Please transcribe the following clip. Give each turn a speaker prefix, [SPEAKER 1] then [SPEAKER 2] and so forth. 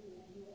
[SPEAKER 1] Hvala